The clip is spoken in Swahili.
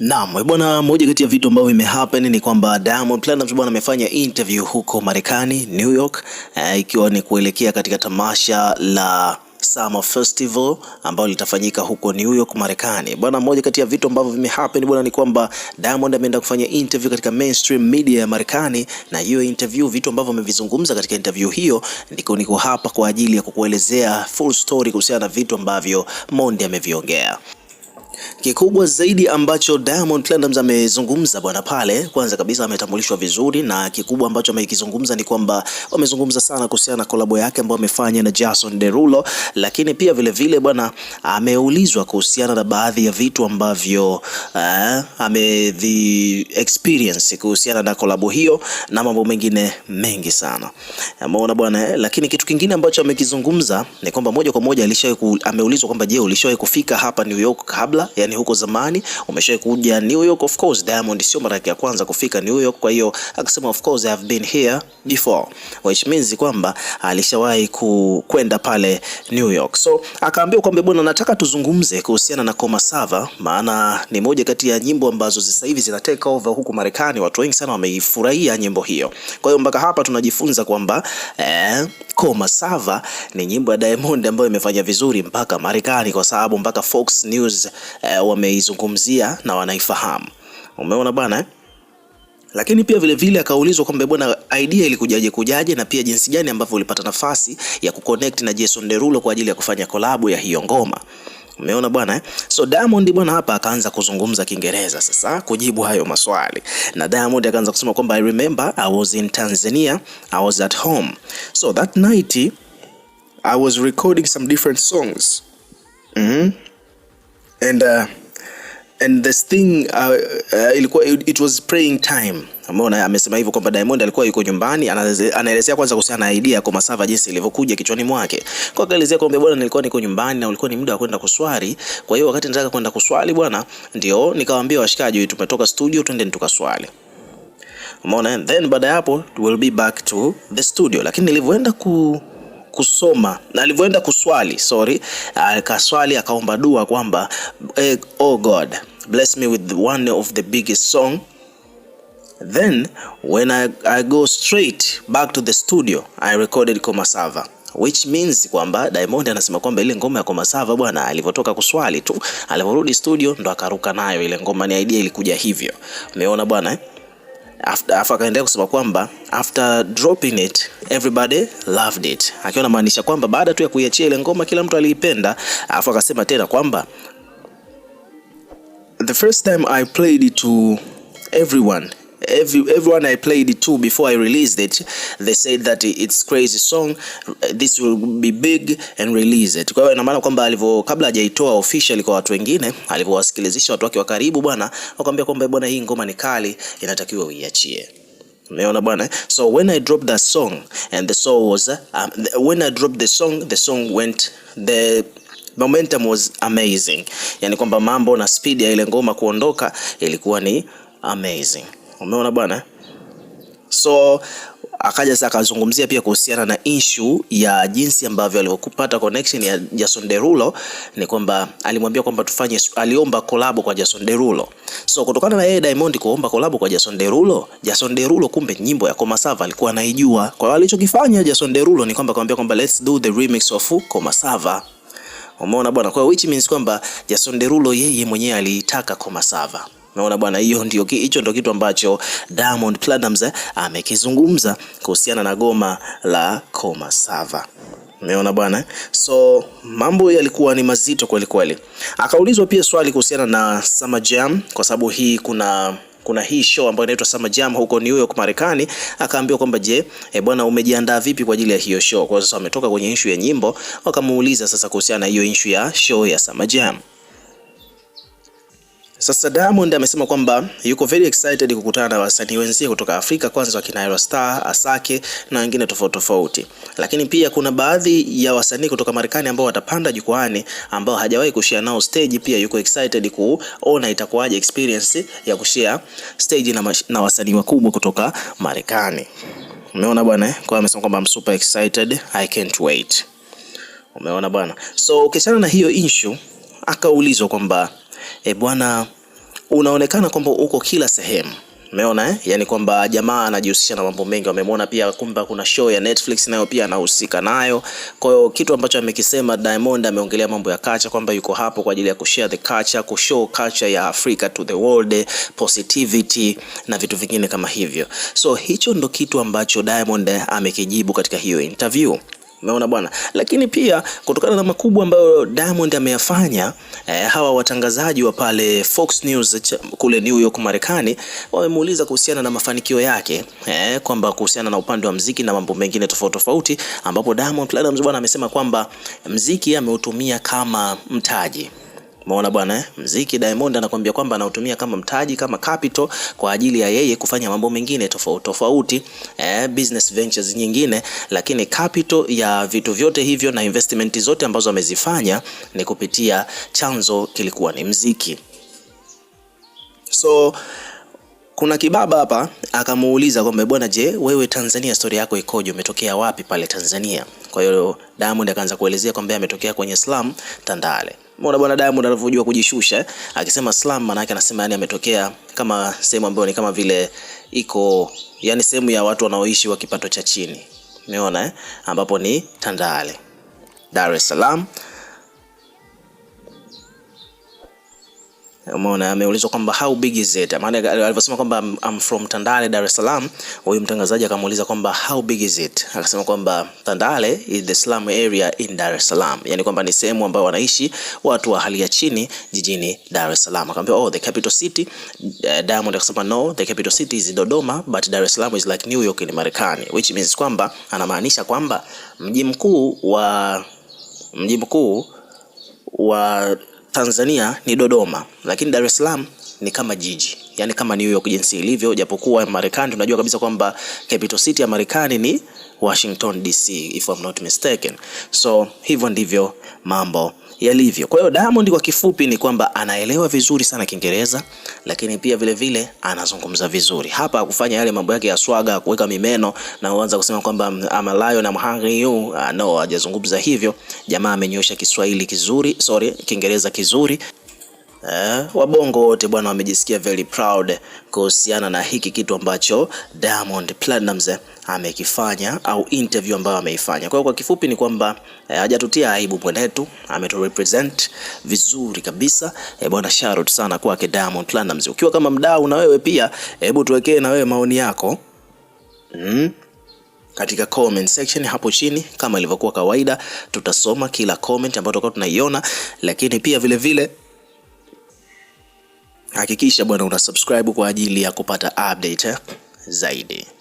Naam, eh, bwana, moja kati ya vitu ambavyo vimehappen ni kwamba Diamond Platnumz bwana amefanya interview huko Marekani, New York, eh, ikiwa ni kuelekea katika tamasha la Summer Festival ambayo litafanyika huko New York Marekani. Bwana, moja kati ya vitu ambavyo vimehappen bwana ni kwamba Diamond ameenda kufanya interview katika mainstream media ya Marekani, na hiyo interview, vitu ambavyo amevizungumza katika interview hiyo, niko niko hapa kwa ajili ya kukuelezea full story kuhusiana na vitu ambavyo Mondi ameviongea. Kikubwa zaidi ambacho Diamond Platnumz amezungumza bwana pale, kwanza kabisa ametambulishwa vizuri, na kikubwa ambacho amekizungumza ni kwamba wamezungumza sana kuhusiana na kolabo yake ambayo amefanya na Jason Derulo, lakini pia vilevile bwana ameulizwa kuhusiana na baadhi ya vitu ambavyo uh, eh, ame the experience kuhusiana na kolabo hiyo na mambo mengine mengi sana, ameona bwana. Eh, lakini kitu kingine ambacho amekizungumza ni kwamba moja kwa moja alishawahi ameulizwa kwamba je, ulishawahi kufika hapa New York kabla yani huko zamani umeshawahi kuja New York. Of course Diamond sio mara yake ya kwanza kufika New York, kwa hiyo akasema of course I have been here before, which means kwamba alishawahi kwenda pale New York. So akaambiwa kwamba bwana, nataka tuzungumze kuhusiana na Sava, maana ni moja kati ya nyimbo ambazo sasa hivi zina take over huku Marekani. Watu wengi sana wameifurahia nyimbo hiyo, kwa hiyo mpaka hapa tunajifunza kwamba eh, Koma Sava ni nyimbo ya Diamond ambayo imefanya vizuri mpaka Marekani, kwa sababu mpaka Fox News eh, wameizungumzia na wanaifahamu. Umeona bwana eh? Lakini pia vilevile akaulizwa kwamba eh, bwana, idea ilikujaje kujaje, na pia jinsi gani ambavyo ulipata nafasi ya kuconnect na Jason Derulo kwa ajili ya kufanya kolabu ya hiyo ngoma. Umeona bwana eh? So Diamond bwana hapa akaanza kuzungumza Kiingereza sasa kujibu hayo maswali. Na Diamond akaanza kusema kwamba I remember I was in Tanzania, I was at home. So that night I was recording some different songs. Mm -hmm. And uh, and this thing uh, uh, ilikuwa it was praying time. Umeona, amesema hivyo kwamba Diamond alikuwa yuko nyumbani, anaelezea kwanza kuhusiana na idea kwa Masava jinsi ilivyokuja kichwani mwake. Kwa kaelezea kwamba bwana, nilikuwa niko nyumbani na ulikuwa ni muda wa kwenda kuswali. Kwa hiyo wakati nataka kwenda kuswali bwana, ndio nikawaambia washikaji, tumetoka studio twende tukaswali. Umeona, then baada ya hapo we will be back to the studio, lakini nilivyoenda ku kusoma na alivyoenda kuswali, sorry, akaswali akaomba dua kwamba eh, oh God bless me with one of the biggest song then when I, I go straight back to the studio I recorded Sava which means kwamba Diamond anasema kwamba ile ngoma ya Sava bwana, alivyotoka kuswali tu, alivyorudi studio ndo akaruka nayo ile ngoma. Ni idea ilikuja hivyo, umeona bwana eh? afu akaendelea kusema kwamba after dropping it everybody loved it, akiwa anamaanisha kwamba baada tu ya kuiachia ile ngoma kila mtu aliipenda. afu akasema tena kwamba the first time I played it to everyone every, everyone I played it to before I released it, they said that it's crazy song, this will be big and release it. Kwa hiyo ina maana kwamba alivyo, kabla hajaitoa officially kwa watu wengine, alivyowasikilizisha watu wake wa karibu, bwana wakamwambia kwamba bwana, hii ngoma ni kali, inatakiwa uiachie. Umeona bwana. So when I dropped that song and the song was uh, um, when I dropped the song the song went the momentum was amazing, yani kwamba mambo na speed ya ile ngoma kuondoka ilikuwa ni amazing. Umeona bwana, so akaja sasa akazungumzia pia kuhusiana na issue ya jinsi ambavyo alivyopata connection ya Jason Derulo. Ni kwamba alimwambia kwamba tufanye, aliomba collab kwa Jason Derulo. So kutokana na yeye Diamond kuomba collab kwa Jason Derulo, Jason Derulo kumbe nyimbo ya Koma Sava alikuwa anaijua. Kwa hiyo alichokifanya Jason Derulo ni kwamba akamwambia kwamba let's do the remix of Koma Sava. Umeona bwana, kwa which means kwamba Jason Derulo yeye mwenyewe aliitaka Koma Komasava. Naona bwana, hiyo ndio hicho ndio kitu ambacho Diamond Platnumz eh, amekizungumza kuhusiana na goma la Koma Sava. Umeona bwana, eh? so mambo yalikuwa ni mazito kweli kweli. Akaulizwa pia swali kuhusiana na Summer Jam, kwa sababu hii kuna kuna hii show ambayo inaitwa Summer Jam huko New York Marekani. Akaambiwa kwamba je, e, bwana umejiandaa vipi kwa ajili ya hiyo show? Kwa sasa ametoka kwenye issue ya nyimbo, wakamuuliza sasa kuhusiana na hiyo issue ya show ya Summer Jam. Sasa Diamond amesema kwamba yuko very excited kukutana na wasanii wenzie kutoka Afrika, kwanza wakina Ayra Starr, Asake na wengine tofauti tofauti, lakini pia kuna baadhi ya wasanii kutoka Marekani ambao watapanda jukwani ambao hajawahi kushare nao stage. Pia yuko excited kuona itakuwaje experience ya kushare stage na, na wasanii wakubwa kutoka Marekani. Umeona bwana, kwa amesema kwamba I'm super excited, I can't wait. Umeona bwana, so ukiachana na hiyo issue, akaulizwa kwamba e bwana, unaonekana kwamba uko kila sehemu Umeona eh? Yaani kwamba jamaa anajihusisha na mambo mengi, wamemwona pia kumbe kuna show ya Netflix nayo pia anahusika nayo. Kwa hiyo kitu ambacho amekisema Diamond, ameongelea mambo ya kacha kwamba yuko hapo kwa ajili ya kushare the culture, kushow culture ya Africa to the world, positivity na vitu vingine kama hivyo. So hicho ndo kitu ambacho Diamond eh, amekijibu katika hiyo interview. Umeona bwana, lakini pia kutokana na makubwa ambayo Diamond ameyafanya eh, hawa watangazaji wa pale Fox News kule New York Marekani wamemuuliza kuhusiana na mafanikio yake eh, kwamba kuhusiana na upande wa mziki na mambo mengine tofauti tofauti, ambapo Diamond Platnumz bwana amesema kwamba mziki ameutumia kama mtaji. Umeona bwana eh? Mziki Diamond anakuambia kwamba anautumia kama mtaji kama capital kwa ajili ya yeye kufanya mambo mengine tofauti tofauti, eh, business ventures nyingine, lakini capital ya vitu vyote hivyo na investment zote ambazo amezifanya ni kupitia chanzo kilikuwa ni mziki. So kuna kibaba hapa akamuuliza kwamba bwana, je, wewe Tanzania story yako ikoje? Umetokea wapi pale Tanzania? Kwa hiyo Diamond akaanza kuelezea kwamba ametokea kwenye slum Tandale. Mbona bwana Diamond anavyojua kujishusha eh? Akisema slam maana yake anasema yani ametokea kama sehemu ambayo ni kama vile iko yani sehemu ya watu wanaoishi wa kipato cha chini. Umeona eh? Ambapo ni Tandale, Dar es Salaam. Umeona, ameulizwa kwamba how big is it, maana alivyosema kwamba I'm from Tandale, Dar es Salaam, huyu mtangazaji akamuuliza kwamba how big is it, akasema kwamba Tandale is the slum area in Dar es Salaam, yani kwamba ni sehemu ambayo wanaishi watu wa hali ya chini jijini Dar es Salaam. Akamwambia oh, the capital city uh, Diamond akasema no, the capital city is Dodoma but Dar es Salaam is like New York in Marekani, which means kwamba anamaanisha kwamba mji mkuu wa mji mkuu wa Tanzania ni Dodoma, lakini Dar es Salaam ni kama jiji, yani kama New York jinsi ilivyo, japokuwa Marekani tunajua kabisa kwamba capital city ya Marekani ni Washington DC, if I'm not mistaken. So hivyo ndivyo mambo yalivyo. Kwa hiyo Diamond kwa kifupi ni kwamba anaelewa vizuri sana Kiingereza, lakini pia vile vile anazungumza vizuri. Hapa kufanya yale mambo yake ya swaga kuweka mimeno na uanza kusema kwamba I'm a lion, I'm hungry you. Ah, no, hajazungumza hivyo. Jamaa amenyosha Kiswahili kizuri, sorry, Kiingereza kizuri. Eh, wabongo wote bwana wamejisikia very proud kuhusiana na hiki kitu ambacho Diamond Platnumz eh, amekifanya au interview ambayo ameifanya. Kwa hiyo kwa kifupi ni kwamba eh, hajatutia eh, aibu mwenetu, ameturepresent vizuri kabisa. Eh, bwana shout sana kwake Diamond Platnumz. Ukiwa kama mdau na wewe pia, hebu eh, tuwekee na wewe maoni yako mm katika comment section hapo chini, kama ilivyokuwa kawaida, tutasoma kila comment ambayo tutakuwa tunaiona, lakini pia vile vile, Hakikisha bwana una subscribe kwa ajili ya kupata update eh, zaidi.